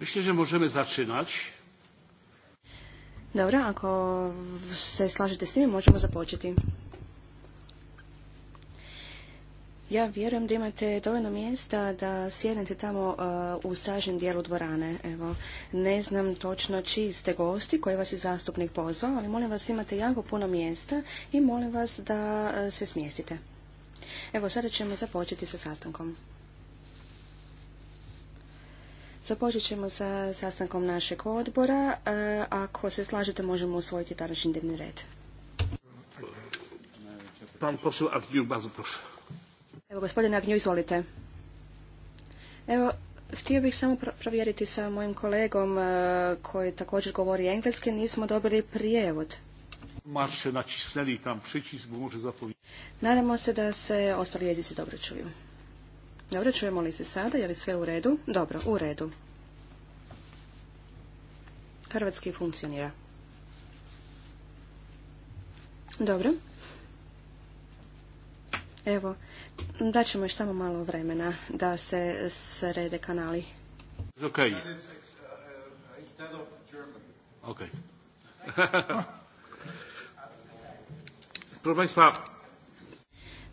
Myślę, że możemy zaczynać. Dobra, ako se slažete s time, možemo započeti. Ja vjerujem da imate dovoljno mjesta da sjednete tamo e, u stražnjem dijelu dvorane. Evo, ne znam točno čiji ste gosti, koji vas je zastupnik pozvao, ali molim vas imate jako puno mjesta i molim vas da e, se smjestite. Evo, sada ćemo započeti sa sastankom. Započet ćemo sa sastankom našeg odbora. E, ako se slažete, možemo usvojiti današnji dnevni red. Pan Evo, gospodine Agnju, izvolite. Evo, htio bih samo provjeriti sa mojim kolegom e, koji također govori engleski. Nismo dobili prijevod. Marše tam bo Nadamo se da se ostali jezici dobro čuju. Dobro, čujemo li se sada? Je li sve u redu? Dobro, u redu hrvatski funkcionira. Dobro. Evo, daćemo još samo malo vremena da se srede kanali. Uh,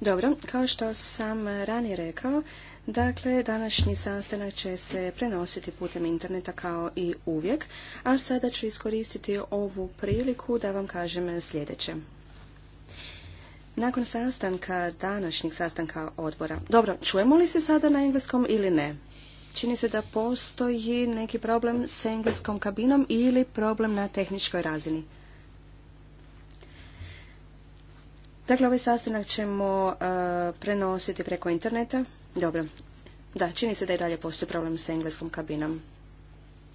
Dobro, kao što sam ranije rekao, Dakle, današnji sastanak će se prenositi putem interneta kao i uvijek, a sada ću iskoristiti ovu priliku da vam kažem sljedeće. Nakon sastanka, današnjeg sastanka odbora. Dobro, čujemo li se sada na engleskom ili ne? Čini se da postoji neki problem s engleskom kabinom ili problem na tehničkoj razini. Dakle, ovaj sastanak ćemo e, prenositi preko interneta. Dobro. Da, čini se da i dalje postoji problem sa engleskom kabinom.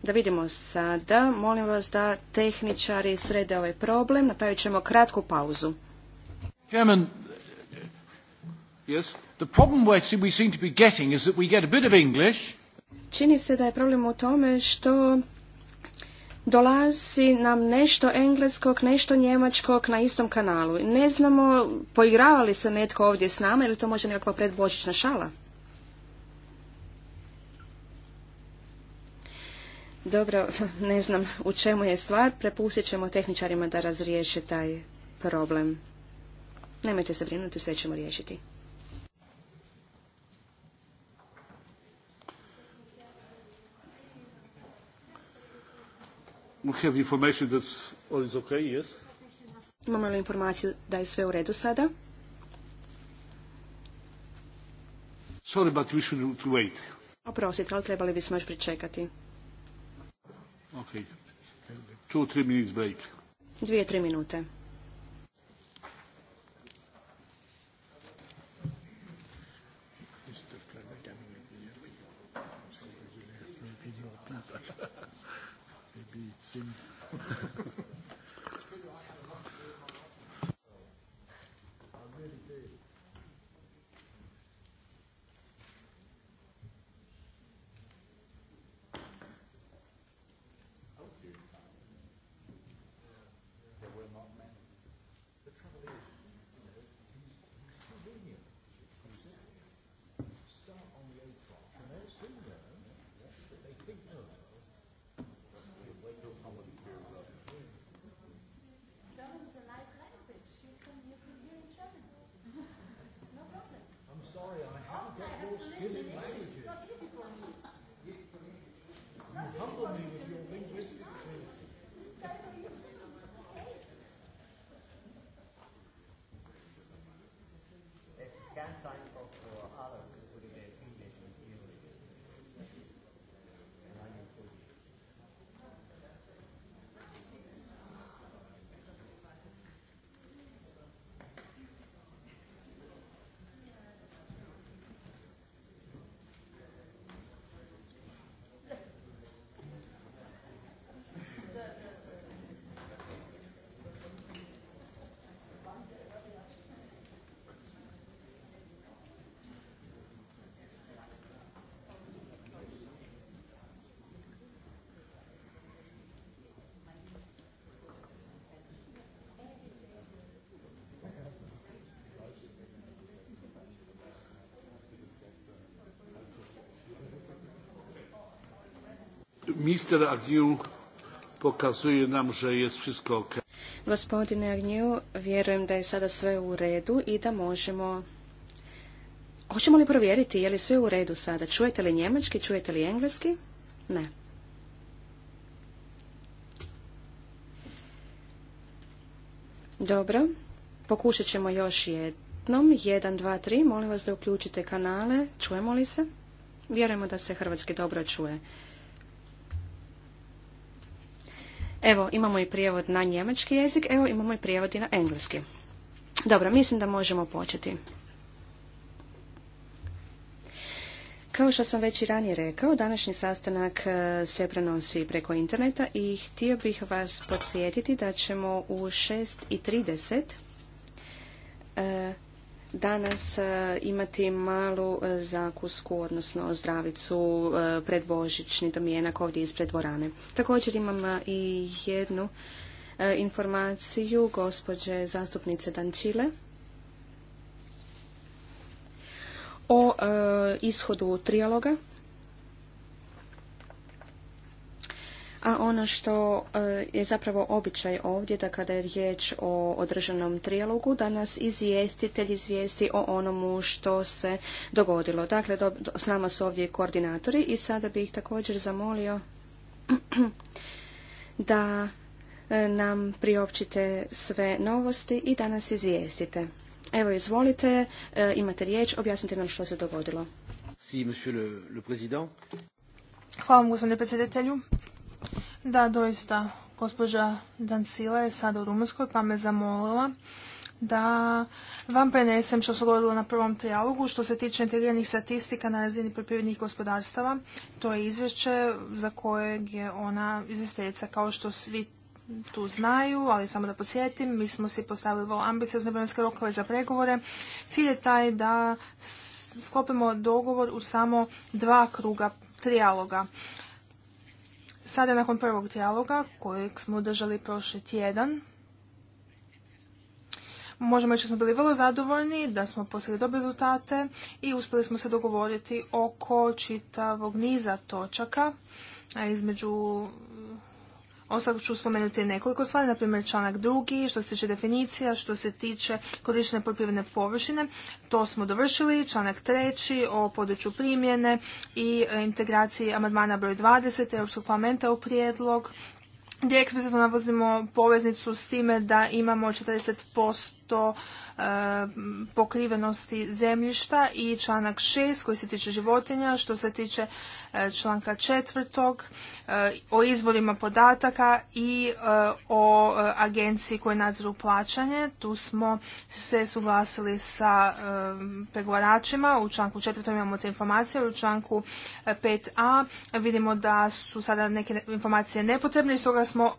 Da vidimo sada. Molim vas da tehničari srede ovaj problem. Napravit ćemo kratku pauzu. the problem we seem to be getting is that we get a bit of English. Čini se da je problem u tome što dolazi nam nešto engleskog, nešto njemačkog na istom kanalu. Ne znamo, poigrava li se netko ovdje s nama ili to može nekakva predbožićna šala? Dobro, ne znam u čemu je stvar, prepustit ćemo tehničarima da razriješe taj problem. Nemojte se brinuti, sve ćemo riješiti. We have information that's all is okay, yes? Imamo li informaciju da je sve u redu sada? Sorry, but we should wait. Oprostite, ali trebali bismo još pričekati. Okay. Two, three minutes break. Dvije, tri minute. Maybe it's in. Mister pokazuje nam, je wszystko ok. Gospodine Agnew, vjerujem da je sada sve u redu i da možemo... Hoćemo li provjeriti je li sve u redu sada? Čujete li njemački, čujete li engleski? Ne. Dobro, pokušat ćemo još jednom. 1, 2, 3, molim vas da uključite kanale. Čujemo li se? Vjerujemo da se hrvatski dobro čuje. Evo, imamo i prijevod na njemački jezik, evo imamo i prijevod i na engleski. Dobro, mislim da možemo početi. Kao što sam već i ranije rekao, današnji sastanak e, se prenosi preko interneta i htio bih vas podsjetiti da ćemo u 6.30 danas e, imati malu e, zakusku, odnosno zdravicu e, Božićni domijenak ovdje ispred dvorane. Također imam i jednu informaciju gospođe zastupnice Dančile o ishodu trijaloga A ono što e, je zapravo običaj ovdje da kada je riječ o održanom trijalogu da nas izvjestitelj izvijesti o onomu što se dogodilo. Dakle, s nama su ovdje koordinatori i sada bih također zamolio da e, nam priopćite sve novosti i da nas izvijestite. Evo, izvolite, e, imate riječ, objasnite nam što se dogodilo. Hvala vam, gospodine predsjedatelju. Da, doista, gospođa Dancila je sada u Rumunskoj pa me zamolila da vam prenesem što se dogodilo na prvom trijalogu što se tiče integriranih statistika na razini poljoprivrednih gospodarstava. To je izvješće za kojeg je ona izvjestiteljica kao što svi tu znaju, ali samo da podsjetim, mi smo si postavili vrlo ambiciozne vremenske rokove za pregovore. Cilj je taj da sklopimo dogovor u samo dva kruga trijaloga. Sada nakon prvog dijaloga kojeg smo održali prošli tjedan, možemo reći da smo bili vrlo zadovoljni, da smo postigli dobre rezultate i uspjeli smo se dogovoriti oko čitavog niza točaka između Ostalo ću spomenuti nekoliko stvari, na primjer članak drugi, što se tiče definicija, što se tiče korištenja poljoprivredne površine. To smo dovršili. Članak treći o području primjene i e, integraciji amandmana broj 20 Europskog parlamenta u prijedlog gdje eksplicitno navozimo poveznicu s time da imamo 40% o e, pokrivenosti zemljišta i članak 6 koji se tiče životinja, što se tiče e, članka četvrtog e, o izvorima podataka i o agenciji koje nadzoru plaćanje. Tu smo se suglasili sa pregovaračima. U članku 4 imamo te informacije. U članku 5a vidimo da su sada neke informacije nepotrebne i stoga smo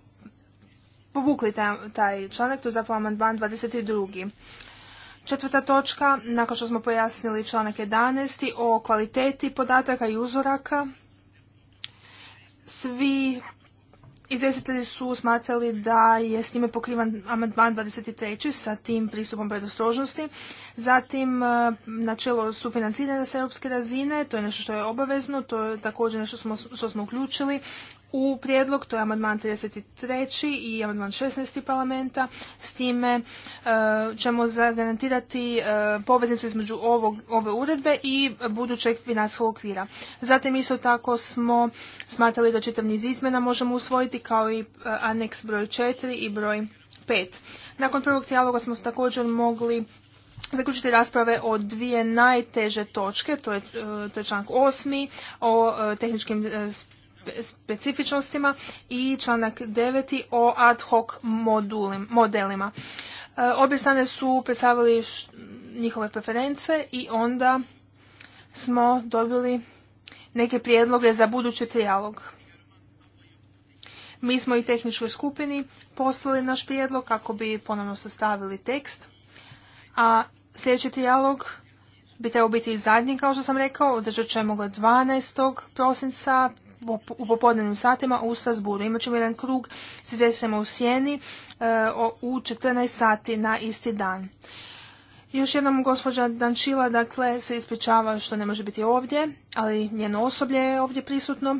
povukli taj, taj članak, to je zapravo amandman 22. Četvrta točka, nakon što smo pojasnili članak 11. o kvaliteti podataka i uzoraka, svi izvjestitelji su smatrali da je s njime pokrivan amandman 23. sa tim pristupom predostrožnosti. Zatim e, načelo sufinanciranja sa europske razine, to je nešto što je obavezno, to je također nešto što smo, što smo uključili u prijedlog, to je amandman 33. i amandman 16. parlamenta. S time e, ćemo zagarantirati e, poveznicu između ovog, ove uredbe i budućeg financijskog okvira. Zatim isto tako smo smatrali da čitav niz izmjena možemo usvojiti kao i e, aneks broj 4 i broj 5. Nakon prvog trijaloga smo također mogli zaključiti rasprave o dvije najteže točke, to je, članak 8. o tehničkim specifičnostima i članak 9. o ad hoc modelima. E, obje strane su predstavili njihove preference i onda smo dobili neke prijedloge za budući trijalog. Mi smo i tehničkoj skupini poslali naš prijedlog kako bi ponovno sastavili tekst, a sljedeći trijalog bi trebao biti i zadnji, kao što sam rekao, održat ćemo ga 12. prosinca u popodnevnim satima u Strasburu. Imat ćemo jedan krug s u Sjeni e, u 14 sati na isti dan. Još jednom gospođa Dančila dakle, se ispričava što ne može biti ovdje, ali njeno osoblje je ovdje prisutno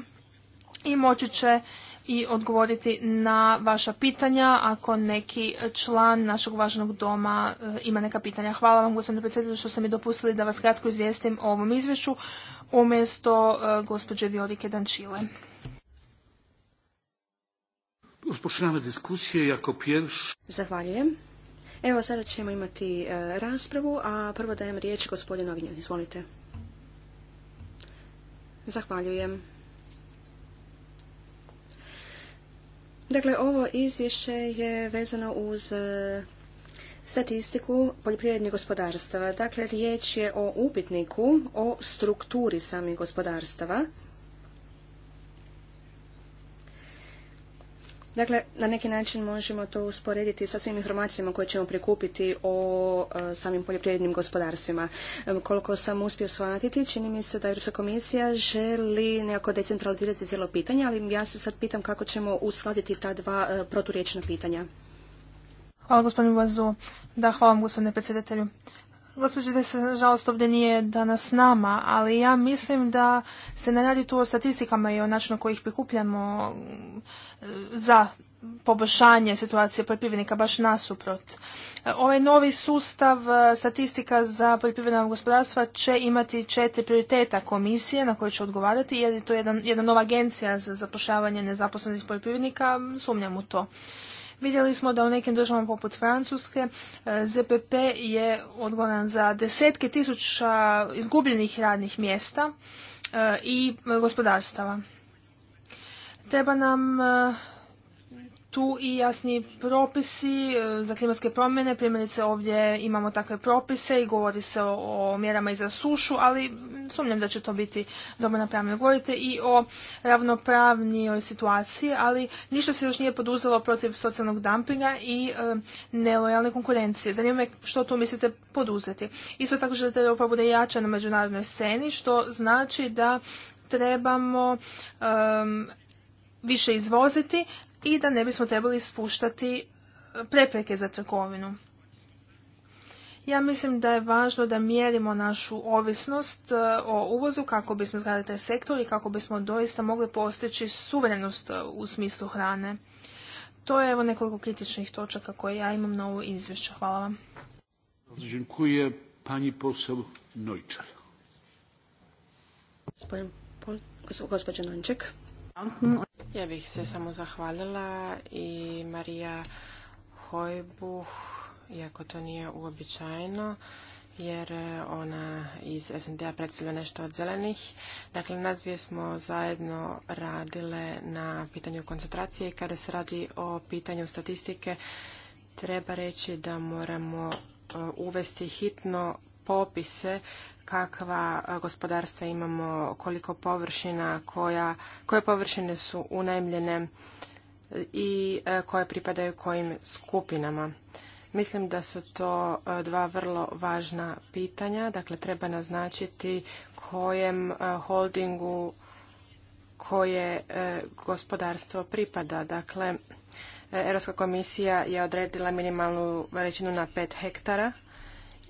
i moći će i odgovoriti na vaša pitanja ako neki član našeg važnog doma e, ima neka pitanja. Hvala vam gospodine predsjedniče što ste mi dopustili da vas kratko izvijestim o ovom izvješću umjesto e, gospođe Viorike Dančile. Zahvaljujem. Evo sada ćemo imati e, raspravu, a prvo dajem riječ gospodinu Agnju. Izvolite. Zahvaljujem. Dakle, ovo izvješće je vezano uz e, statistiku poljoprivrednih gospodarstava. Dakle, riječ je o upitniku o strukturi samih gospodarstava Dakle, na neki način možemo to usporediti sa svim informacijama koje ćemo prikupiti o e, samim poljoprivrednim gospodarstvima. E, koliko sam uspio shvatiti, čini mi se da Europska komisija želi nekako decentralizirati cijelo pitanje, ali ja se sad pitam kako ćemo uskladiti ta dva e, proturječna pitanja. Hvala gospodinu Vazu. Da, hvala vam gospodine predsjedatelju. Gospođa se nažalost ovdje nije danas s nama, ali ja mislim da se ne radi tu o statistikama i o načinu kojih prikupljamo e, za poboljšanje situacije poljoprivrednika, baš nasuprot. E, ovaj novi sustav e, statistika za poljoprivredna gospodarstva će imati četiri prioriteta komisije na koje će odgovarati, jer je to jedan, jedna nova agencija za zapošljavanje nezaposlenih poljoprivrednika, sumnjam u to. Vidjeli smo da u nekim državama poput Francuske e, ZPP je odgovoran za desetke tisuća izgubljenih radnih mjesta e, i gospodarstava. Treba nam e, tu i jasni propisi e, za klimatske promjene. Primjerice ovdje imamo takve propise i govori se o, mjerama i za sušu, ali sumnjam da će to biti dobro napravljeno. Govorite i o ravnopravnijoj situaciji, ali ništa se još nije poduzelo protiv socijalnog dampinga i e, nelojalne konkurencije. Zanima me što tu mislite poduzeti. Isto tako želite da Europa bude jača na međunarodnoj sceni, što znači da trebamo e, više izvoziti, i da ne bismo trebali spuštati e, prepreke za trgovinu. Ja mislim da je važno da mjerimo našu ovisnost e, o uvozu kako bismo zgradili taj sektor i kako bismo doista mogli postići suverenost e, u smislu hrane. To je evo nekoliko kritičnih točaka koje ja imam na ovo izvješće. Hvala vam. Dziękuję pani ja bih se samo zahvalila i Marija Hojbuh, iako to nije uobičajeno, jer ona iz SND-a predstavlja nešto od zelenih. Dakle, nas dvije smo zajedno radile na pitanju koncentracije i kada se radi o pitanju statistike, treba reći da moramo e, uvesti hitno popise kakva gospodarstva imamo, koliko površina, koja, koje površine su unajmljene e, i e, koje pripadaju kojim skupinama. Mislim da su to e, dva vrlo važna pitanja. Dakle, treba naznačiti kojem holdingu koje gospodarstvo pripada. Dakle, Europska komisija je odredila minimalnu veličinu na 5 hektara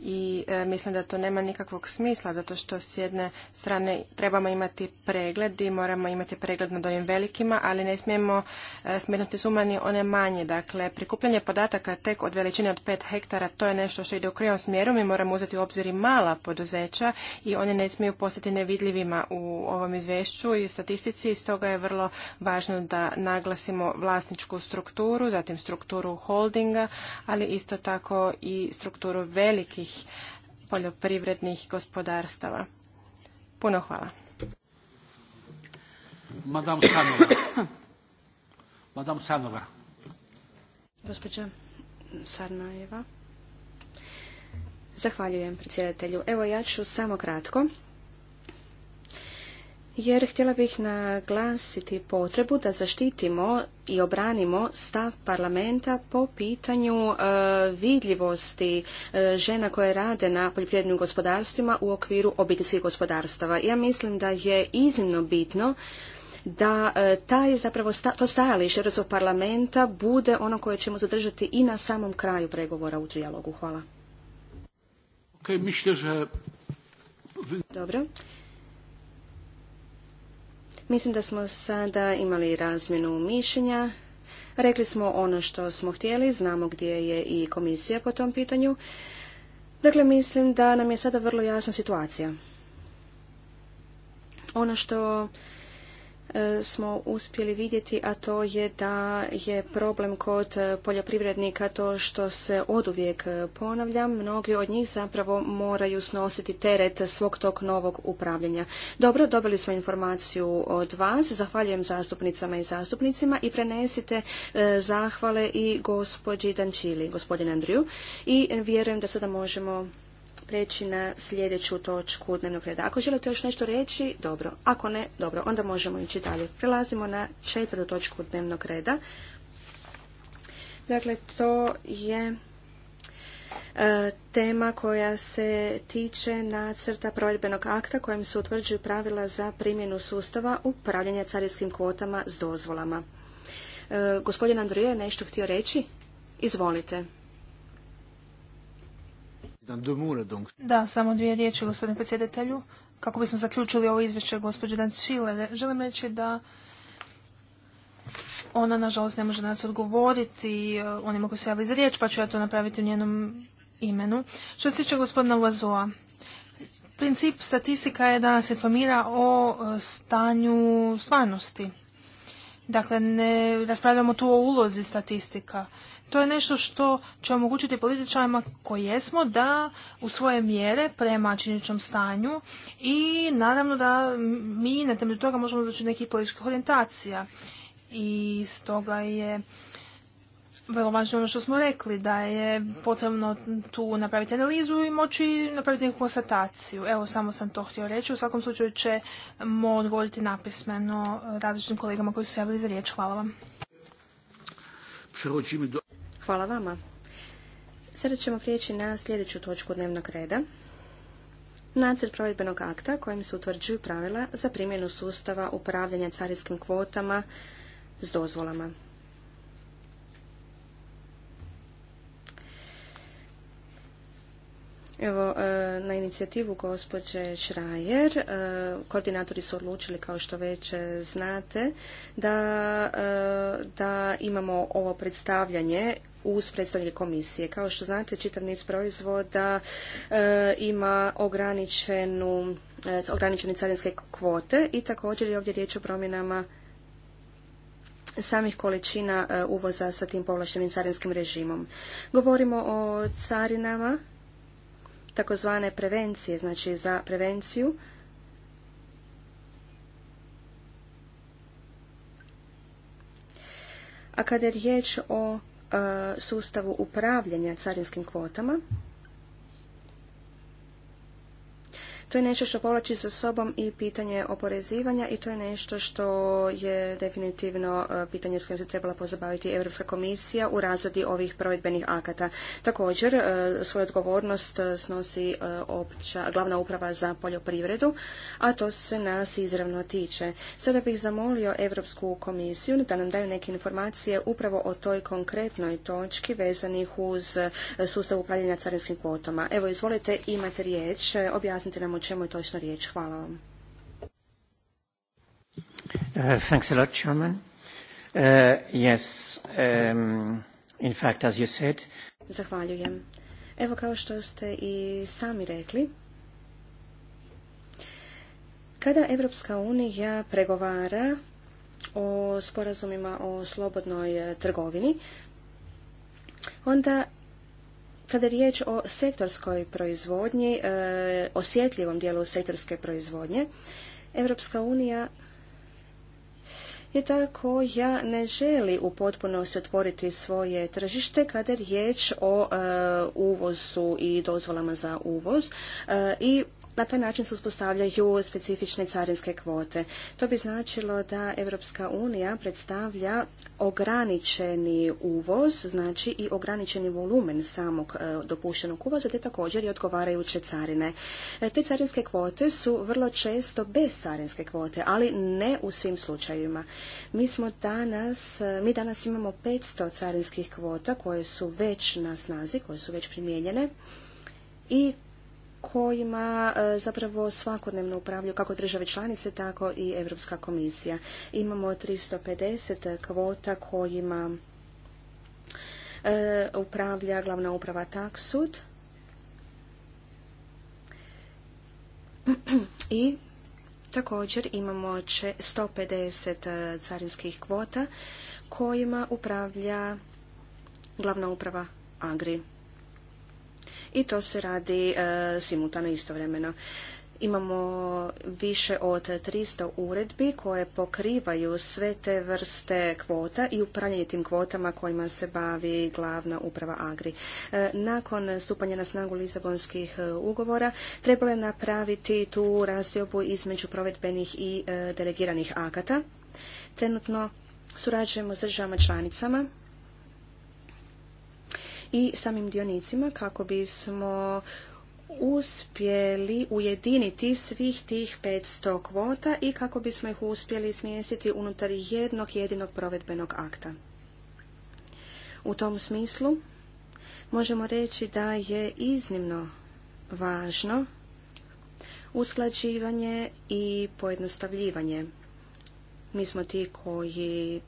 i e, mislim da to nema nikakvog smisla zato što s jedne strane trebamo imati pregled i moramo imati pregled nad onim velikima, ali ne smijemo e, smetnuti suma one manje. Dakle, prikupljanje podataka tek od veličine od pet hektara to je nešto što ide u krivom smjeru. Mi moramo uzeti u obzir i mala poduzeća i one ne smiju postati nevidljivima u ovom izvješću i statistici i stoga je vrlo važno da naglasimo vlasničku strukturu, zatim strukturu holdinga, ali isto tako i strukturu velikih malih poljoprivrednih gospodarstava. Puno hvala. Madame Sanova. Madame Sanova. Gospođa Sarnajeva. Zahvaljujem predsjedatelju. Evo ja ću samo kratko jer htjela bih naglasiti potrebu da zaštitimo i obranimo stav parlamenta po pitanju e, vidljivosti e, žena koje rade na poljoprivrednim gospodarstvima u okviru obiteljskih gospodarstava. Ja mislim da je iznimno bitno da e, taj zapravo to stajalište Europskog parlamenta bude ono koje ćemo zadržati i na samom kraju pregovora u dijalogu. Hvala. Dobro. Mislim da smo sada imali razmjenu mišljenja. Rekli smo ono što smo htjeli, znamo gdje je i komisija po tom pitanju. Dakle, mislim da nam je sada vrlo jasna situacija. Ono što E, smo uspjeli vidjeti, a to je da je problem kod poljoprivrednika to što se oduvijek ponavlja. Mnogi od njih zapravo moraju snositi teret svog tog novog upravljanja. Dobro, dobili smo informaciju od vas. Zahvaljujem zastupnicama i zastupnicima i prenesite e, zahvale i gospođi Dančili, gospodin Andriju. I vjerujem da sada možemo preći na sljedeću točku dnevnog reda. Ako želite još nešto reći, dobro. Ako ne, dobro, onda možemo ići dalje. Prelazimo na četvrtu točku dnevnog reda. Dakle, to je e, tema koja se tiče nacrta provedbenog akta kojim se utvrđuju pravila za primjenu sustava upravljanja carinskim kvotama s dozvolama. E, gospodin Andrija je nešto htio reći? Izvolite. Da, samo dvije riječi, gospodine predsjedatelju. Kako bismo zaključili ovo izvješće gospođe Dančile, želim reći da ona, nažalost, ne može nas odgovoriti eh, Oni mogu se javiti za riječ, pa ću ja to napraviti u njenom imenu. Što se tiče gospodina Lazoa, princip statistika je da nas informira o eh, stanju stvarnosti. Dakle, ne raspravljamo tu o ulozi statistika. To je nešto što će omogućiti političarima koji jesmo da u svoje mjere prema činjeničnom stanju i naravno da mi na temelju toga možemo doći nekih političkih orijentacija. I stoga je vrlo važno ono što smo rekli, da je potrebno tu napraviti analizu i moći napraviti neku konstataciju. Evo, samo sam to htio reći. U svakom slučaju ćemo odgovoriti napismeno različitim kolegama koji su se javili za riječ. Hvala vam. Hvala vama. Sada ćemo prijeći na sljedeću točku dnevnog reda. Nacrt provedbenog akta kojim se utvrđuju pravila za primjenu sustava upravljanja carinskim kvotama s dozvolama. Evo, e, na inicijativu gospođe Šrajer, e, koordinatori su odlučili, kao što već znate, da, e, da imamo ovo predstavljanje uz predstavnike komisije. Kao što znate, čitav niz proizvoda e, ima ograničenu, e, ograničene carinske kvote i također je ovdje riječ o promjenama samih količina e, uvoza sa tim povlaštenim carinskim režimom. Govorimo o carinama takozvane prevencije, znači za prevenciju A kada je riječ o sustavu upravljanja carinskim kvotama To je nešto što povlači sa sobom i pitanje oporezivanja i to je nešto što je definitivno e, pitanje s kojim se trebala pozabaviti Europska komisija u razredi ovih provedbenih akata. Također, e, svoju odgovornost e, snosi opća, glavna uprava za poljoprivredu, a to se nas izravno tiče. Sada bih zamolio Europsku komisiju da nam daju neke informacije upravo o toj konkretnoj točki vezanih uz sustav upravljanja carinskim kvotama. Evo, izvolite, imate riječ, objasnite nam čemu je točno riječ. Hvala vam. Uh, thanks a lot, Chairman. Uh, yes, um, in fact, as you said... Zahvaljujem. Evo kao što ste i sami rekli, kada Evropska unija pregovara o sporazumima o slobodnoj trgovini, onda kada je riječ o sektorskoj proizvodnji, e, osjetljivom dijelu sektorske proizvodnje, Europska unija je ta koja ne želi u potpunosti otvoriti svoje tržište kada je riječ o e, uvozu i dozvolama za uvoz e, i na taj način se uspostavljaju specifične carinske kvote. To bi značilo da Europska unija predstavlja ograničeni uvoz, znači i ograničeni volumen samog e, dopuštenog uvoza, te također i odgovarajuće carine. E, te carinske kvote su vrlo često bez carinske kvote, ali ne u svim slučajevima. Mi smo danas, e, mi danas imamo 500 carinskih kvota koje su već na snazi, koje su već primijenjene i kojima e, zapravo svakodnevno upravljaju kako države članice, tako i Europska komisija. Imamo 350 kvota kojima e, upravlja glavna uprava Taksud i također imamo 150 e, carinskih kvota kojima upravlja glavna uprava Agri i to se radi e, simultano istovremeno imamo više od 300 uredbi koje pokrivaju sve te vrste kvota i upravljanje tim kvotama kojima se bavi glavna uprava Agri. E, nakon stupanja na snagu Lisabonskih e, ugovora trebalo je napraviti tu razdjobu između provedbenih i delegiranih akata. Trenutno surađujemo s državama članicama i samim dionicima kako bismo uspjeli ujediniti svih tih 500 kvota i kako bismo ih uspjeli smjestiti unutar jednog jedinog provedbenog akta. U tom smislu možemo reći da je iznimno važno usklađivanje i pojednostavljivanje. Mi smo ti koji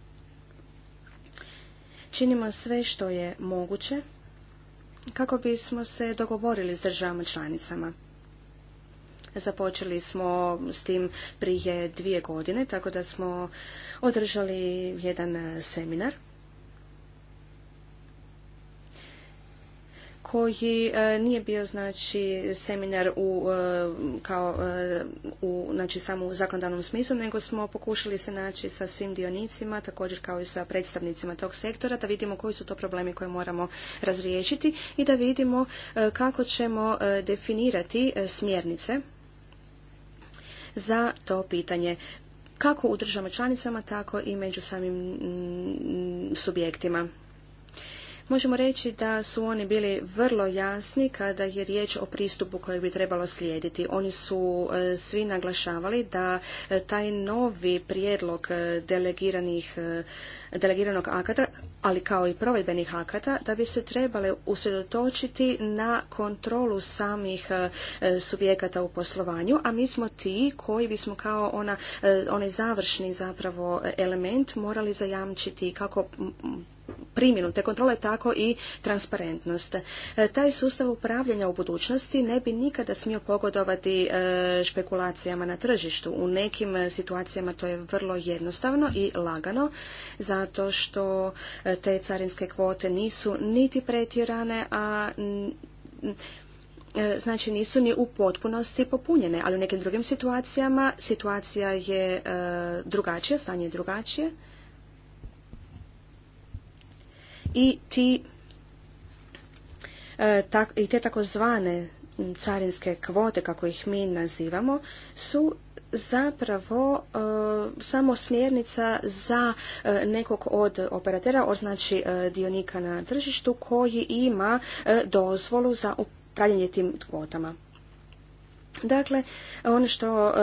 činimo sve što je moguće kako bismo se dogovorili s državama članicama. Započeli smo s tim prije dvije godine, tako da smo održali jedan seminar koji e, nije bio znači seminar u, e, kao, e, u, znači, samo u zakonodavnom smislu, nego smo pokušali se naći sa svim dionicima, također kao i sa predstavnicima tog sektora, da vidimo koji su to problemi koje moramo razriješiti i da vidimo kako ćemo definirati smjernice za to pitanje kako u državama članicama, tako i među samim subjektima. Možemo reći da su oni bili vrlo jasni kada je riječ o pristupu koji bi trebalo slijediti. Oni su e, svi naglašavali da e, taj novi prijedlog e, delegiranih delegiranog akata, ali kao i provedbenih akata, da bi se trebale usredotočiti na kontrolu samih subjekata u poslovanju, a mi smo ti koji bismo kao onaj završni zapravo element morali zajamčiti kako primjenu te kontrole, tako i transparentnost. E, taj sustav upravljanja u budućnosti ne bi nikada smio pogodovati e, špekulacijama na tržištu. U nekim e, situacijama to je vrlo jednostavno i lagano, zato što te carinske kvote nisu niti pretjerane, a znači nisu ni u potpunosti popunjene, ali u nekim drugim situacijama situacija je drugačija, stanje je drugačije i ti e, i te takozvane carinske kvote, kako ih mi nazivamo, su zapravo e, samo smjernica za e, nekog od operatera, od znači dionika na tržištu koji ima dozvolu za upravljanje tim kvotama. Dakle, ono što e,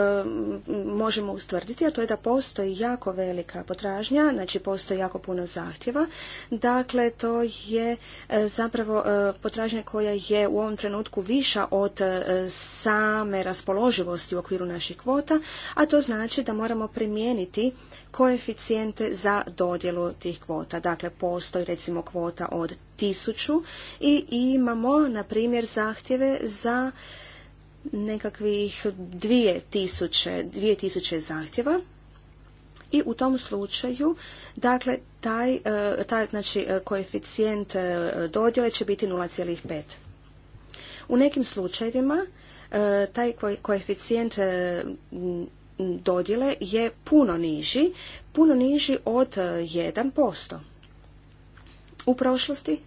možemo ustvrditi, a to je da postoji jako velika potražnja, znači postoji jako puno zahtjeva. Dakle, to je e, zapravo e, potražnja koja je u ovom trenutku viša od same raspoloživosti u okviru naših kvota, a to znači da moramo primijeniti koeficijente za dodjelu tih kvota. Dakle, postoji recimo kvota od tisuću i imamo, na primjer, zahtjeve za nekakvih 2000, tisuće zahtjeva i u tom slučaju dakle taj, e, taj znači e, koeficijent e, dodjele će biti 0,5. U nekim slučajevima taj koeficijent dodjele je puno niži, puno niži od 1%. U prošlosti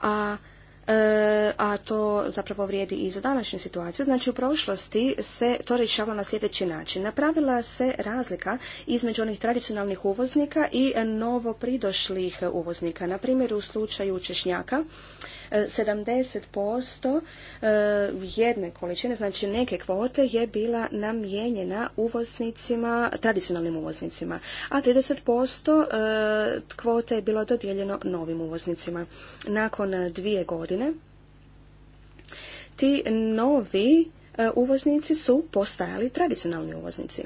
a E, a to zapravo vrijedi i za današnju situaciju. Znači u prošlosti se to rješavalo na sljedeći način. Napravila se razlika između onih tradicionalnih uvoznika i novopridošlih uvoznika. Na primjer u slučaju Češnjaka 70% e, jedne količine, znači neke kvote je bila namijenjena uvoznicima, tradicionalnim uvoznicima, a 30% e, kvote je bilo dodijeljeno novim uvoznicima. Nakon e, dvije godine ti novi uvoznici su postajali tradicionalni uvoznici.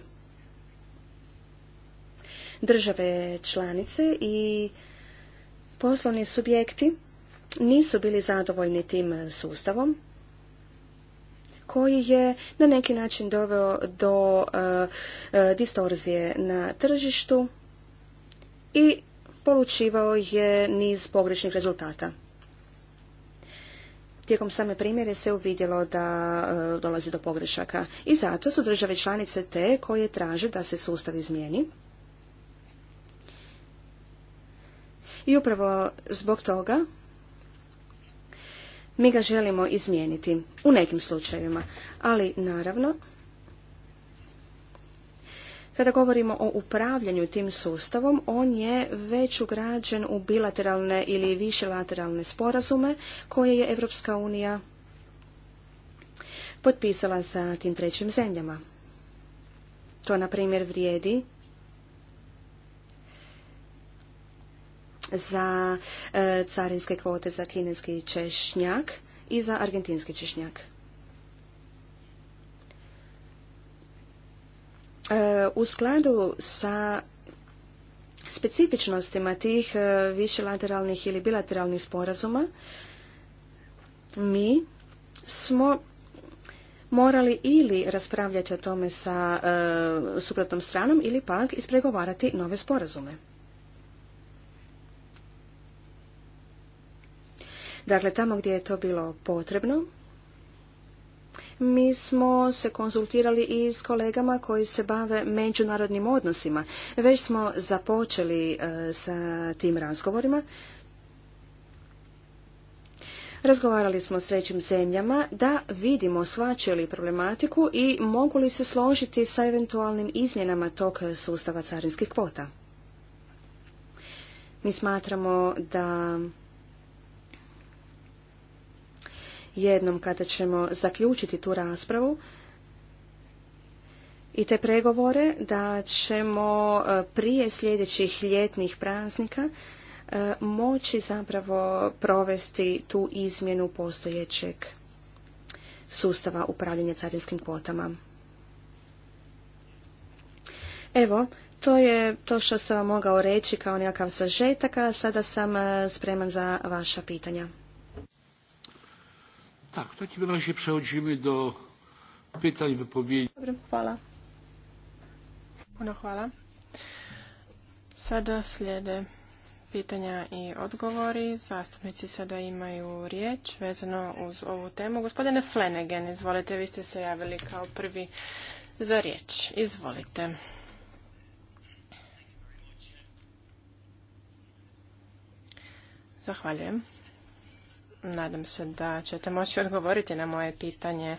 Države članice i poslovni subjekti nisu bili zadovoljni tim sustavom koji je na neki način doveo do e, e, distorzije na tržištu i polučivao je niz pogrešnih rezultata. Tijekom same primjere se uvidjelo da e, dolazi do pogrešaka i zato su države članice te koje traže da se sustav izmijeni. I upravo zbog toga mi ga želimo izmijeniti u nekim slučajevima. Ali naravno, kada govorimo o upravljanju tim sustavom, on je već ugrađen u bilateralne ili višelateralne sporazume koje je Europska unija potpisala sa tim trećim zemljama. To, na primjer, vrijedi za e, carinske kvote za kineski češnjak i za argentinski češnjak. E, u skladu sa specifičnostima tih e, višelateralnih ili bilateralnih sporazuma mi smo morali ili raspravljati o tome sa suprotnom stranom ili pak ispregovarati nove sporazume. Dakle, tamo gdje je to bilo potrebno, mi smo se konzultirali i s kolegama koji se bave međunarodnim odnosima. Već smo započeli e, sa tim razgovorima. Razgovarali smo s trećim zemljama da vidimo li problematiku i mogu li se složiti sa eventualnim izmjenama tog sustava carinskih kvota. Mi smatramo da jednom kada ćemo zaključiti tu raspravu i te pregovore da ćemo e, prije sljedećih ljetnih praznika e, moći zapravo provesti tu izmjenu postojećeg sustava upravljanja carinskim kvotama. Evo, to je to što sam vam mogao reći kao nekakav sažetak, a sada sam e, spreman za vaša pitanja. Tak, w takim razie przechodzimy do pytań, wypowiedzi. Dobry, hvala. Puno hvala. Sada slijede pitanja i odgovori. Zastupnici sada imaju riječ vezano uz ovu temu. Gospodine Flanagan, izvolite, vi ste se javili kao prvi za riječ. Izvolite. Zahvaljujem. Nadam se da ćete moći odgovoriti na moje pitanje.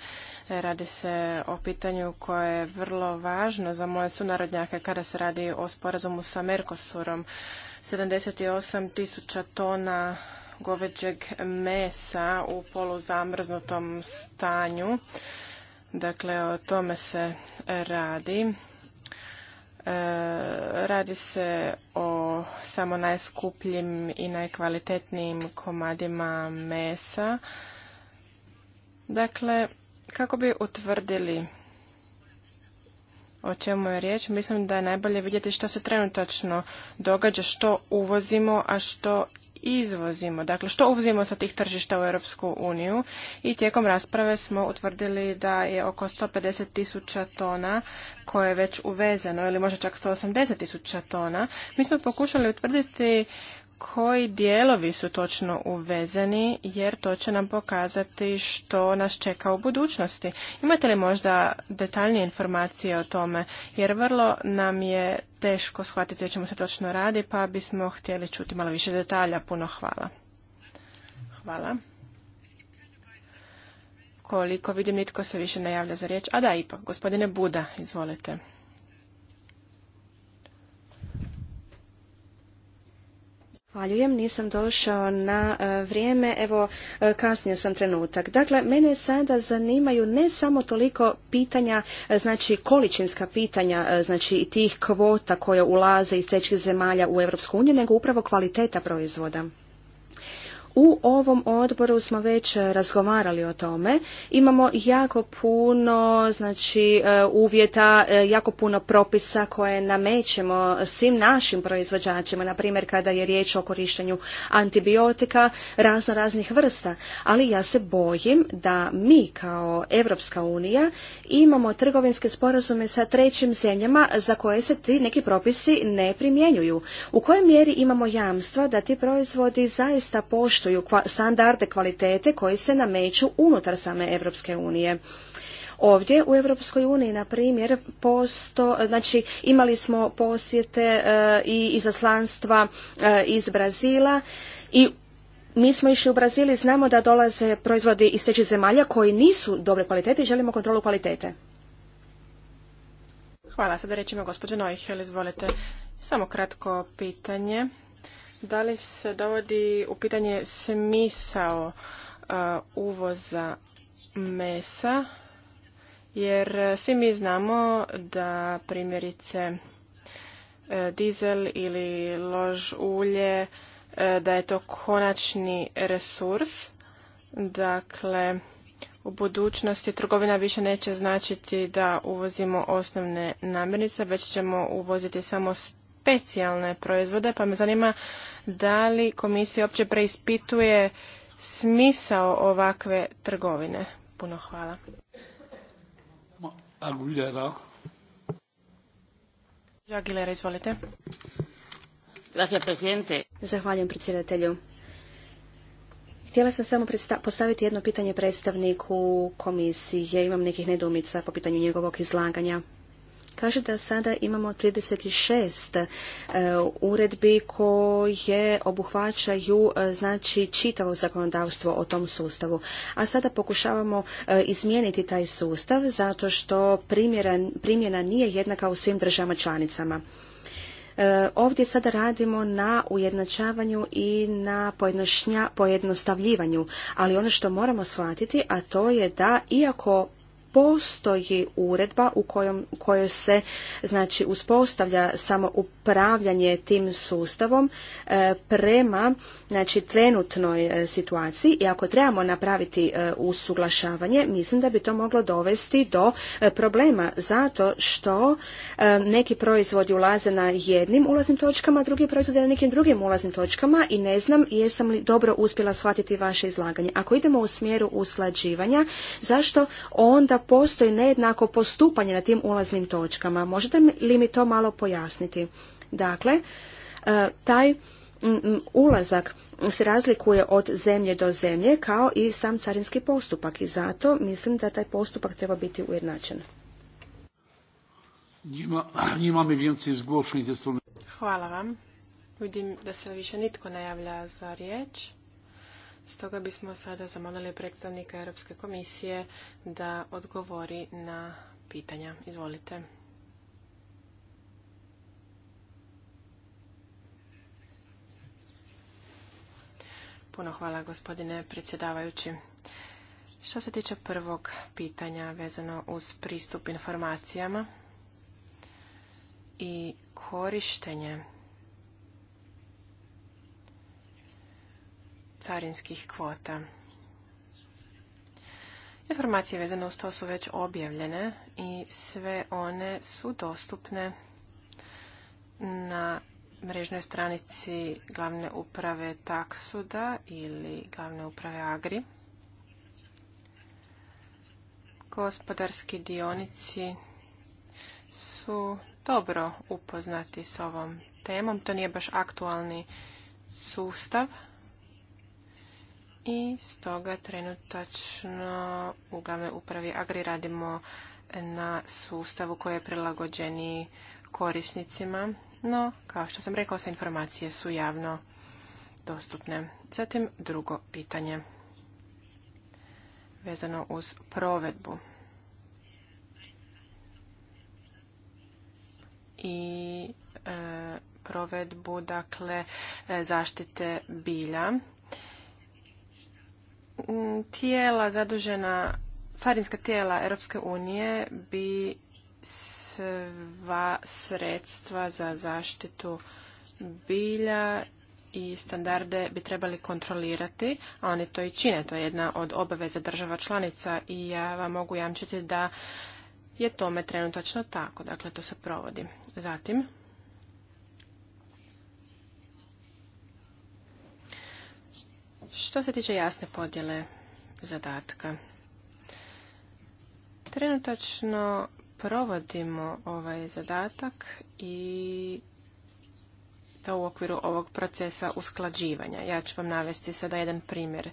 Radi se o pitanju koje je vrlo važno za moje sunarodnjake kada se radi o sporazumu sa Merkosurom. 78 tisuća tona goveđeg mesa u poluzamrznutom stanju. Dakle, o tome se radi. E, radi se o samo najskupljim i najkvalitetnijim komadima mesa. Dakle, kako bi utvrdili o čemu je riječ, mislim da je najbolje vidjeti što se trenutačno događa, što uvozimo, a što izvozimo, dakle što uvozimo sa tih tržišta u Europsku uniju i tijekom rasprave smo utvrdili da je oko 150 tisuća tona koje je već uvezeno ili možda čak 180 tisuća tona. Mi smo pokušali utvrditi koji dijelovi su točno uvezani, jer to će nam pokazati što nas čeka u budućnosti. Imate li možda detaljnije informacije o tome, jer vrlo nam je teško shvatiti o čemu se točno radi, pa bismo htjeli čuti malo više detalja. Puno hvala. Hvala. Koliko vidim, nitko se više ne javlja za riječ. A da, ipak, gospodine Buda, izvolite. Zahvaljujem, nisam došao na e, vrijeme, evo e, kasnije sam trenutak. Dakle, mene sada zanimaju ne samo toliko pitanja, e, znači količinska pitanja, znači tih kvota koje ulaze iz trećih zemalja u EU, nego upravo kvaliteta proizvoda. U ovom odboru smo već razgovarali o tome. Imamo jako puno znači, e, uvjeta, e, jako puno propisa koje namećemo svim našim proizvođačima, na primjer kada je riječ o korištenju antibiotika razno raznih vrsta. Ali ja se bojim da mi kao Evropska unija imamo trgovinske sporazume sa trećim zemljama za koje se ti neki propisi ne primjenjuju. U kojoj mjeri imamo jamstva da ti proizvodi zaista poštuju poštuju standarde kvalitete koji se nameću unutar same Europske unije. Ovdje u Europskoj uniji, na primjer, posto, znači imali smo posjete e, i izaslanstva e, iz Brazila i mi smo išli u Brazili i znamo da dolaze proizvodi iz trećih zemalja koji nisu dobre kvalitete i želimo kontrolu kvalitete. Hvala. Sada rećemo gospođe Nojhel, izvolite. Samo kratko pitanje da li se dovodi u pitanje smisao uh, uvoza mesa, jer uh, svi mi znamo da primjerice uh, dizel ili lož ulje, da je to konačni resurs. Dakle, u budućnosti trgovina više neće značiti da uvozimo osnovne namirnice, već ćemo uvoziti samo specijalne proizvode, pa me zanima da li komisija uopće preispituje smisao ovakve trgovine? Puno hvala. Zahvaljujem predsjedatelju. Htjela sam samo postaviti jedno pitanje predstavniku komisije. Imam nekih nedoumica po pitanju njegovog izlaganja. Kaže da sada imamo 36 e, uredbi koje obuhvaćaju e, znači čitavo zakonodavstvo o tom sustavu. A sada pokušavamo e, izmijeniti taj sustav zato što primjena nije jednaka u svim državama članicama. Ovdje sada radimo na ujednačavanju i na pojednostavljivanju, ali ono što moramo shvatiti, a to je da iako postoji uredba u kojoj se znači uspostavlja samo upravljanje tim sustavom e, prema znači trenutnoj e, situaciji i ako trebamo napraviti e, usuglašavanje mislim da bi to moglo dovesti do problema zato što neki proizvodi ulaze na jednim ulaznim točkama, drugi proizvodi na nekim drugim ulaznim točkama i ne znam jesam li dobro uspjela shvatiti vaše izlaganje. Ako idemo u smjeru usklađivanja, zašto onda postoji nejednako postupanje na tim ulaznim točkama. Možete li mi to malo pojasniti? Dakle, e, taj ulazak se razlikuje od zemlje do zemlje kao i sam carinski postupak i zato mislim da taj postupak treba biti ujednačen. Hvala vam. Vidim da se više nitko ne javlja za riječ. Stoga bismo sada zamolili predstavnika Europske komisije da odgovori na pitanja. Izvolite. Puno hvala gospodine predsjedavajući. Što se tiče prvog pitanja vezano uz pristup informacijama i korištenje carinskih kvota. Informacije vezane uz to su već objavljene i sve one su dostupne na mrežnoj stranici glavne uprave Taksuda ili glavne uprave Agri. Gospodarski dionici su dobro upoznati s ovom temom. To nije baš aktualni sustav, i stoga trenutačno u glavnoj upravi Agri radimo na sustavu koji je prilagođeni korisnicima, no kao što sam rekao, sve informacije su javno dostupne. Zatim drugo pitanje vezano uz provedbu. I e, provedbu, dakle, e, zaštite bilja tijela zadužena, farinska tijela Europske unije bi sva sredstva za zaštitu bilja i standarde bi trebali kontrolirati, a oni to i čine. To je jedna od obaveza država članica i ja vam mogu jamčiti da je tome trenutačno tako. Dakle, to se provodi. Zatim, Što se tiče jasne podjele zadatka, trenutačno provodimo ovaj zadatak i to u okviru ovog procesa usklađivanja. Ja ću vam navesti sada jedan primjer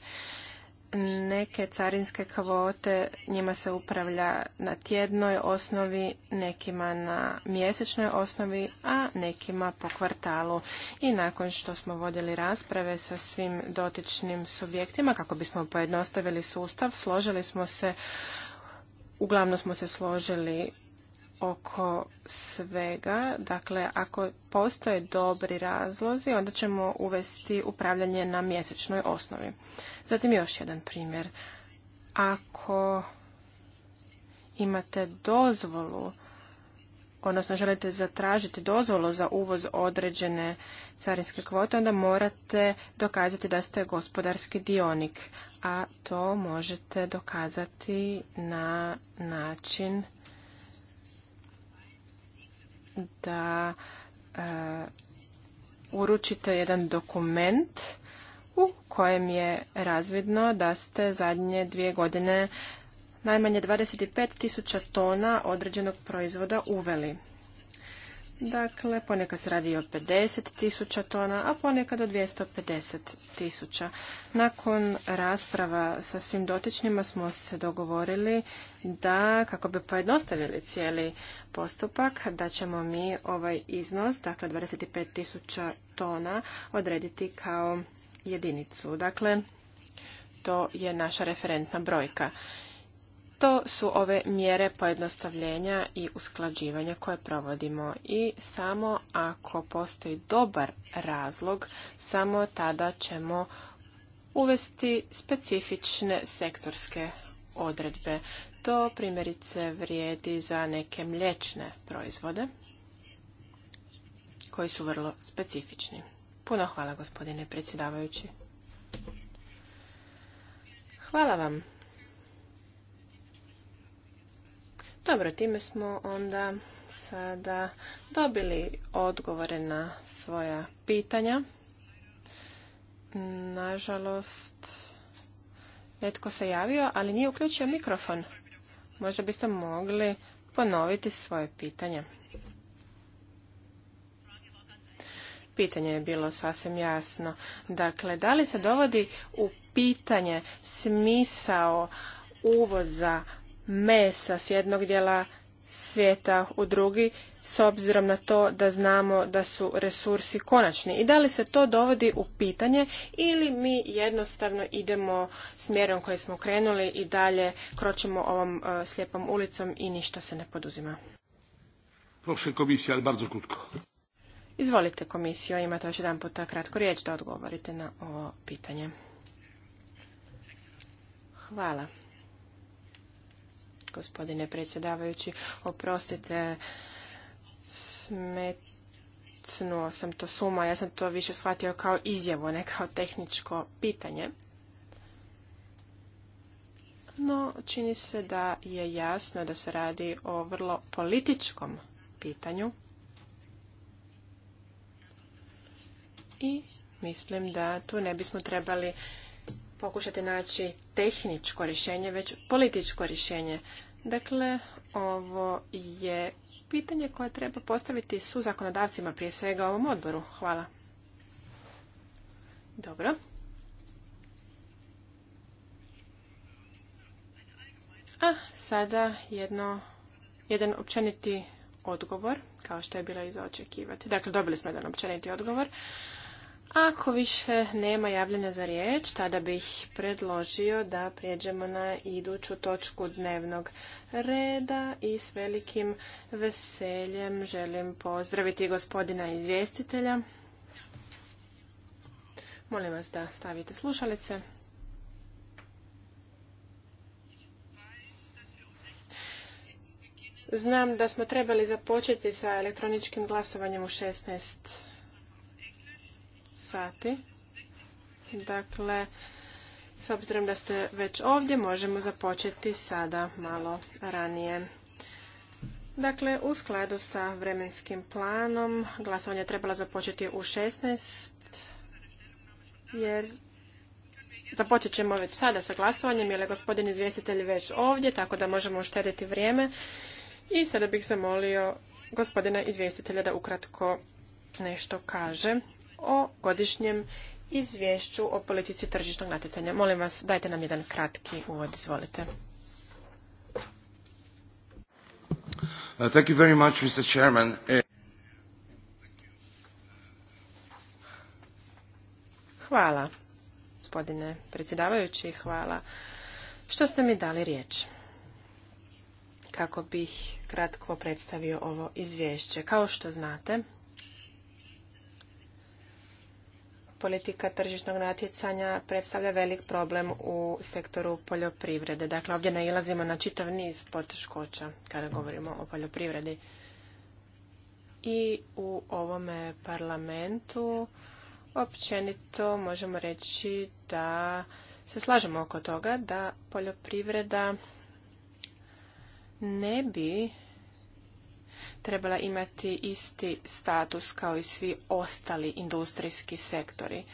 neke carinske kvote, njima se upravlja na tjednoj osnovi, nekima na mjesečnoj osnovi, a nekima po kvartalu. I nakon što smo vodili rasprave sa svim dotičnim subjektima, kako bismo pojednostavili sustav, složili smo se Uglavnom smo se složili oko svega. Dakle, ako postoje dobri razlozi, onda ćemo uvesti upravljanje na mjesečnoj osnovi. Zatim još jedan primjer. Ako imate dozvolu, odnosno želite zatražiti dozvolu za uvoz određene carinske kvote, onda morate dokazati da ste gospodarski dionik, a to možete dokazati na način da e, uručite jedan dokument u kojem je razvidno da ste zadnje dvije godine najmanje 25.000 tisuća tona određenog proizvoda uveli. Dakle, ponekad se radi o 50 tisuća tona, a ponekad o 250 tisuća. Nakon rasprava sa svim dotičnima smo se dogovorili da, kako bi pojednostavili cijeli postupak, da ćemo mi ovaj iznos, dakle 25 tisuća tona, odrediti kao jedinicu. Dakle, to je naša referentna brojka to su ove mjere pojednostavljenja i usklađivanja koje provodimo i samo ako postoji dobar razlog, samo tada ćemo uvesti specifične sektorske odredbe. To primjerice vrijedi za neke mlječne proizvode koji su vrlo specifični. Puno hvala gospodine predsjedavajući. Hvala vam. Dobro, time smo onda sada dobili odgovore na svoja pitanja. Nažalost, netko se javio, ali nije uključio mikrofon. Možda biste mogli ponoviti svoje pitanje. Pitanje je bilo sasvim jasno. Dakle, da li se dovodi u pitanje smisao uvoza mesa s jednog dijela svijeta u drugi s obzirom na to da znamo da su resursi konačni i da li se to dovodi u pitanje ili mi jednostavno idemo smjerom koji smo krenuli i dalje kročimo ovom e, slijepom ulicom i ništa se ne poduzima. bardzo Izvolite komisijo, imate još jedan puta kratko riječ da odgovorite na ovo pitanje. Hvala gospodine predsjedavajući. Oprostite, smetnuo sam to suma. Ja sam to više shvatio kao izjavu, ne kao tehničko pitanje. No, čini se da je jasno da se radi o vrlo političkom pitanju. I mislim da tu ne bismo trebali pokušati naći tehničko rješenje, već političko rješenje. Dakle, ovo je pitanje koje treba postaviti su zakonodavcima, prije svega ovom odboru. Hvala. Dobro. A sada jedno, jedan općeniti odgovor, kao što je bilo i za očekivati. Dakle, dobili smo jedan općeniti odgovor. Ako više nema javljanja za riječ, tada bih predložio da prijeđemo na iduću točku dnevnog reda i s velikim veseljem želim pozdraviti gospodina izvjestitelja. Molim vas da stavite slušalice. Znam da smo trebali započeti sa elektroničkim glasovanjem u 16 sati. Dakle, s obzirom da ste već ovdje, možemo započeti sada malo ranije. Dakle, u skladu sa vremenskim planom, glasovanje je trebalo započeti u 16, jer započet ćemo već sada sa glasovanjem, jer je gospodin izvjestitelj već ovdje, tako da možemo uštediti vrijeme. I sada bih zamolio gospodina izvjestitelja da ukratko nešto kaže o godišnjem izvješću o politici tržišnog natjecanja. Molim vas, dajte nam jedan kratki uvod, izvolite. Uh, uh, hvala, gospodine predsjedavajući, hvala što ste mi dali riječ kako bih kratko predstavio ovo izvješće. Kao što znate, politika tržišnog natjecanja predstavlja velik problem u sektoru poljoprivrede. Dakle, ovdje nailazimo na čitav niz poteškoća kada govorimo o poljoprivredi. I u ovome parlamentu općenito možemo reći da se slažemo oko toga da poljoprivreda ne bi trebala imati isti status kao i svi ostali industrijski sektori.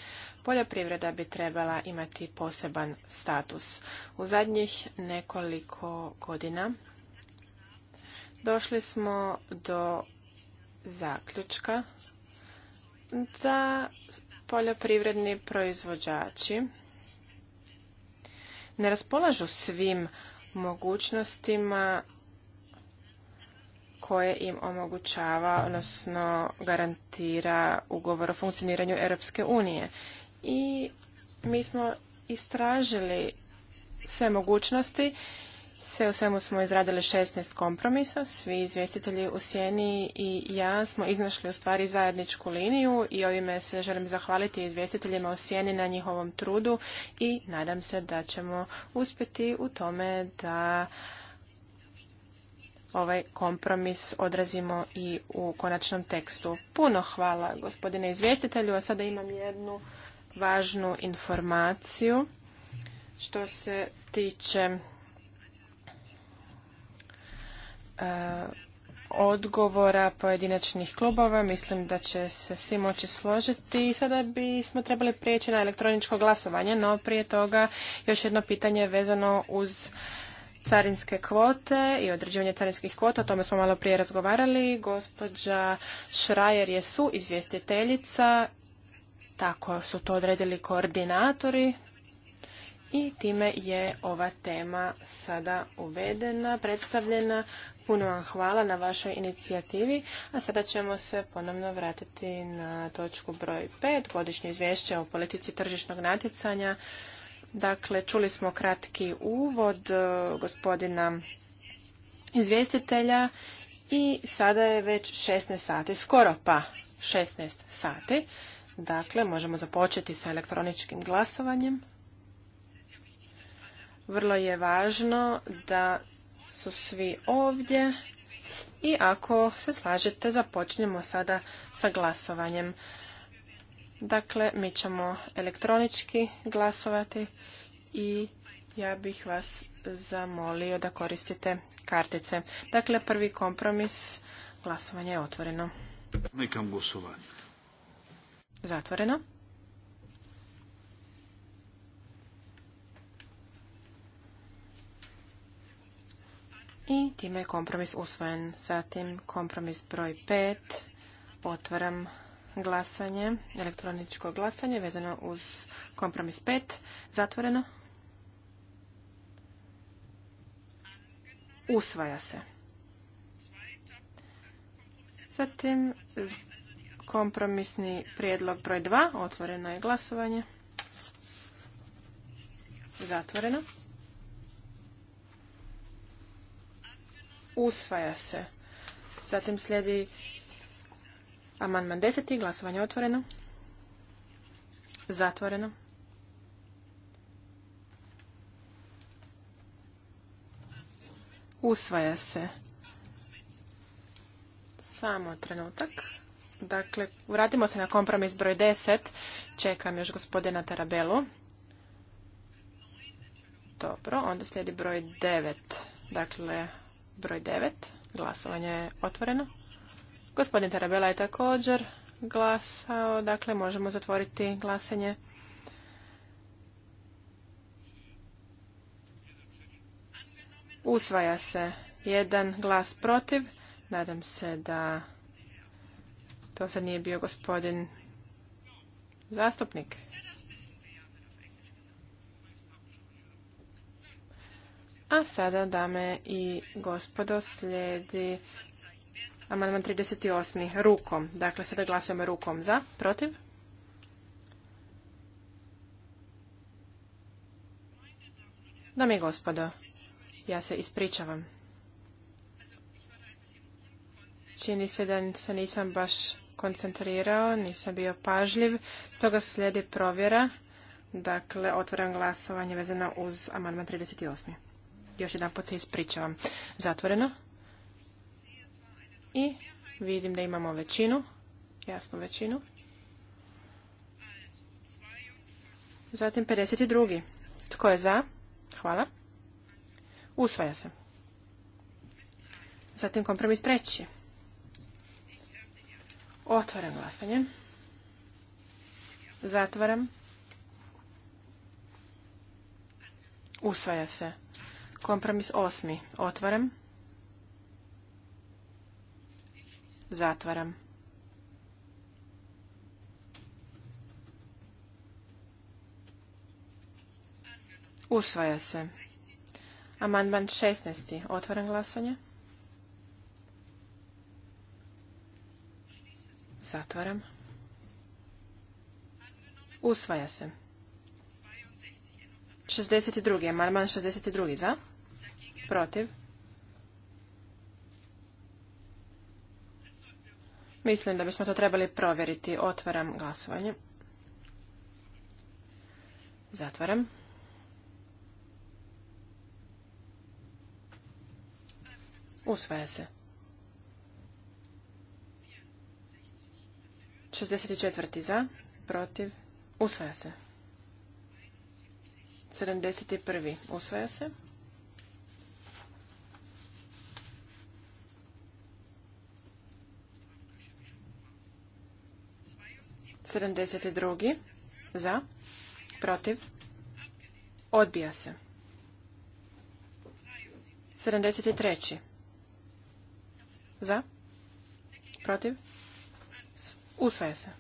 Poljoprivreda bi trebala imati poseban status. U zadnjih nekoliko godina došli smo do zaključka da poljoprivredni proizvođači ne raspolažu svim mogućnostima koje im omogućava, odnosno garantira ugovor o funkcioniranju Europske unije. I mi smo istražili sve mogućnosti. Sve u svemu smo izradili 16 kompromisa. Svi izvjestitelji u Sjeni i ja smo iznašli u stvari zajedničku liniju i ovime se želim zahvaliti izvjestiteljima u Sjeni na njihovom trudu i nadam se da ćemo uspjeti u tome da ovaj kompromis odrazimo i u konačnom tekstu. Puno hvala gospodine izvjestitelju, a sada imam jednu važnu informaciju što se tiče eh, odgovora pojedinačnih klubova. Mislim da će se svi moći složiti i sada bismo trebali prijeći na elektroničko glasovanje, no prije toga još jedno pitanje vezano uz carinske kvote i određivanje carinskih kvota, o tome smo malo prije razgovarali. Gospođa Šrajer je su izvjestiteljica, tako su to odredili koordinatori i time je ova tema sada uvedena, predstavljena. Puno vam hvala na vašoj inicijativi, a sada ćemo se ponovno vratiti na točku broj 5, godišnje izvješće o politici tržišnog natjecanja Dakle, čuli smo kratki uvod e, gospodina izvjestitelja i sada je već 16 sati, skoro pa 16 sati. Dakle, možemo započeti sa elektroničkim glasovanjem. Vrlo je važno da su svi ovdje i ako se slažete započnemo sada sa glasovanjem. Dakle, mi ćemo elektronički glasovati i ja bih vas zamolio da koristite kartice. Dakle, prvi kompromis, glasovanje je otvoreno. Zatvoreno. I time je kompromis usvojen. Zatim kompromis broj pet. Otvaram glasanje, elektroničko glasanje vezano uz kompromis 5. Zatvoreno. Usvaja se. Zatim kompromisni prijedlog broj 2. Otvoreno je glasovanje. Zatvoreno. Usvaja se. Zatim slijedi Amandman deseti, glasovanje otvoreno. Zatvoreno. Usvaja se. Samo trenutak. Dakle, vratimo se na kompromis broj 10. Čekam još gospodina Tarabelu. Dobro, onda slijedi broj devet. Dakle, broj devet. Glasovanje je otvoreno. Gospodin Tarabela je također glasao, dakle možemo zatvoriti glasanje. Usvaja se jedan glas protiv. Nadam se da to sad nije bio gospodin zastupnik. A sada, dame i gospodo, slijedi Amandman 38. Rukom. Dakle, sada glasujemo rukom za, protiv. Dame i gospodo, ja se ispričavam. Čini se da se nisam baš koncentrirao, nisam bio pažljiv, stoga slijedi provjera. Dakle, otvoram glasovanje vezano uz amandman 38. Još jedan pot se ispričavam. Zatvoreno. I vidim da imamo većinu, jasnu većinu. Zatim 52. Tko je za? Hvala. Usvaja se. Zatim kompromis treći. Otvaram glasanje. Zatvaram. Usvaja se. Kompromis osmi. Otvaram. Zatvaram. Usvaja se. Amandman 16. Otvaram glasanje. Zatvaram. Usvaja se. 62. Amandman 62. Za? Protiv? Mislim da bismo to trebali provjeriti. Otvaram glasovanje. Zatvaram. Usvaja se. 64. za, protiv, usvaja se. 71. usvaja se. 72. Za. Protiv. Odbija se. 73. Za. Protiv. Usvaja se.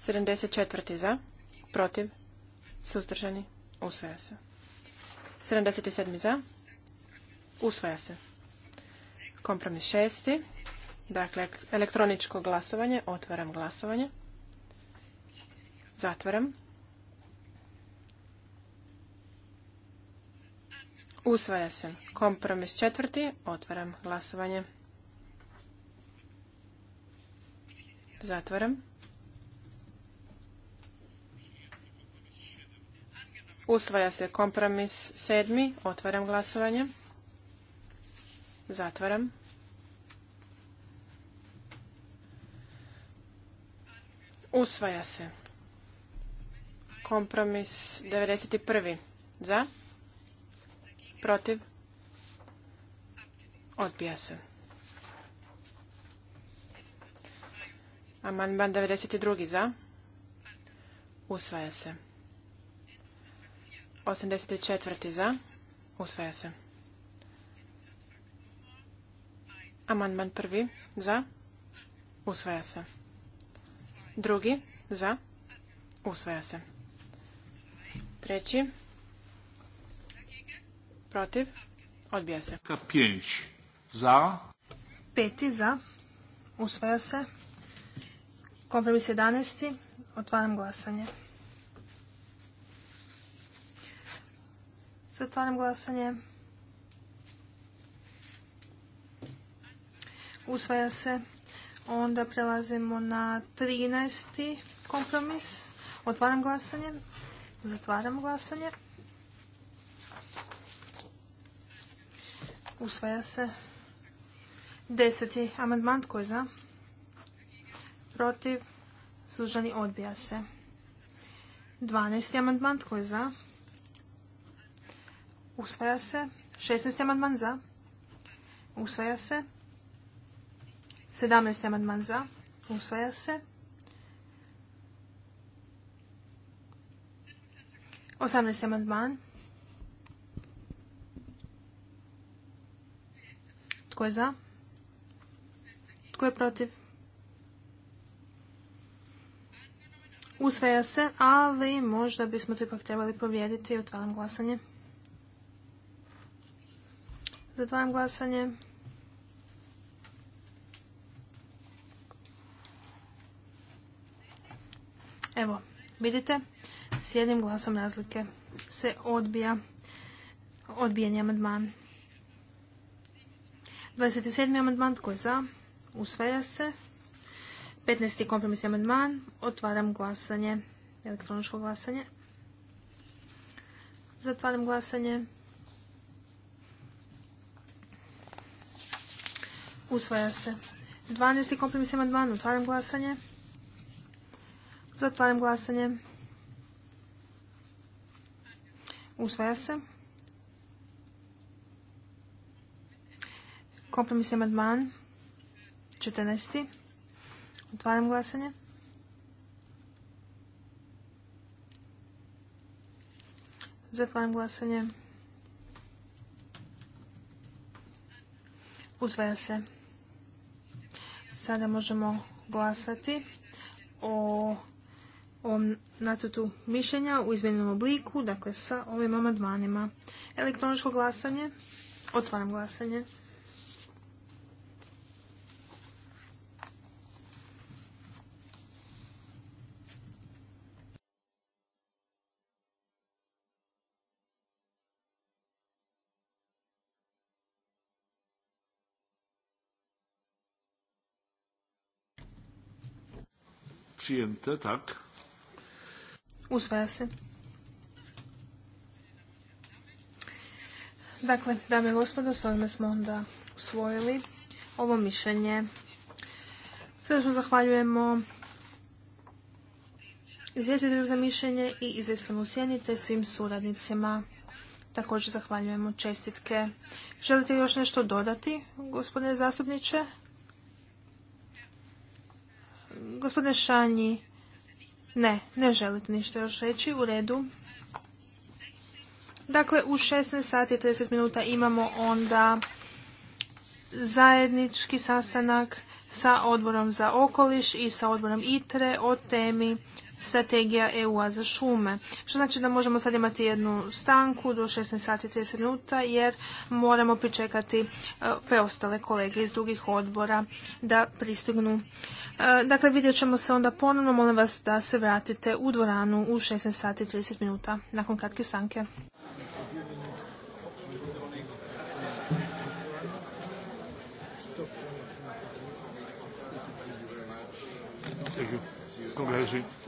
74. Za. Protiv. Suzdržani. Usvaja se. 77. Za. Usvaja se. Kompromis šesti. Dakle, elektroničko glasovanje. Otvaram glasovanje. Zatvaram. Usvaja se. Kompromis četvrti. Otvaram glasovanje. Zatvaram. Usvaja se kompromis sedmi. Otvaram glasovanje. Zatvaram. Usvaja se. Kompromis 91. Za? Protiv? Odbija se. Amandman 92. Za? Usvaja se. 84. Za? Usvaja se. Amandman prvi. Za? Usvaja se. Drugi. Za. Usvaja se. Treći. Protiv. Odbija se. Pijenč. Za. Peti. Za. Usvaja se. Kompromis 11. Otvaram glasanje. Zatvaram glasanje. Usvaja se. Onda prelazimo na 13. kompromis. Otvaram glasanje. Zatvaram glasanje. Usvaja se. Deseti amandman. Tko je za? Protiv. Suzdržani odbija se. 12. amandman. Tko je za? Usvaja se. 16. amandman za. Usvaja se. 17. amandman za. Usvaja se. 18. amandman. Tko je za? Tko je protiv? Usvaja se, ali možda bismo to ipak trebali povijediti. Otvaram glasanje. Zatvaram glasanje. Vidite, s jednim glasom razlike se odbija odbijeni amandman. 27. amandman, tko je za? Usvaja se. 15. kompromisni amandman, otvaram glasanje, elektroničko glasanje. Zatvaram glasanje. Usvaja se. 12. kompromisni amandman, otvaram glasanje. Zatvaram glasanje. Usvaja se. Kompromisni amandman 14. Otvaram glasanje. Zatvaram glasanje. Uzvaja se. Sada možemo glasati o ovom nacrtu mišljenja u izmjenjenom obliku, dakle sa ovim amandmanima. Elektroničko glasanje. Otvaram glasanje. te tak. Usvaja se. Dakle, dame i gospodo, s ovime smo onda usvojili ovo mišljenje. Srdečno zahvaljujemo izvjestitelju za mišljenje i izvjestitelju sjednice svim suradnicima. Također zahvaljujemo čestitke. Želite još nešto dodati, gospodine zastupniče? Gospodine Šanji, ne, ne želite ništa još reći. U redu. Dakle, u 16 sati i 30 minuta imamo onda zajednički sastanak sa odborom za okoliš i sa odborom ITRE o temi strategija EU-a za šume. Što znači da možemo sad imati jednu stanku do 16 sati 30 minuta jer moramo pričekati e, preostale kolege iz drugih odbora da pristignu. E, dakle, vidjet ćemo se onda ponovno. Molim vas da se vratite u dvoranu u 16 sati 30 minuta nakon kratke stanke. Thank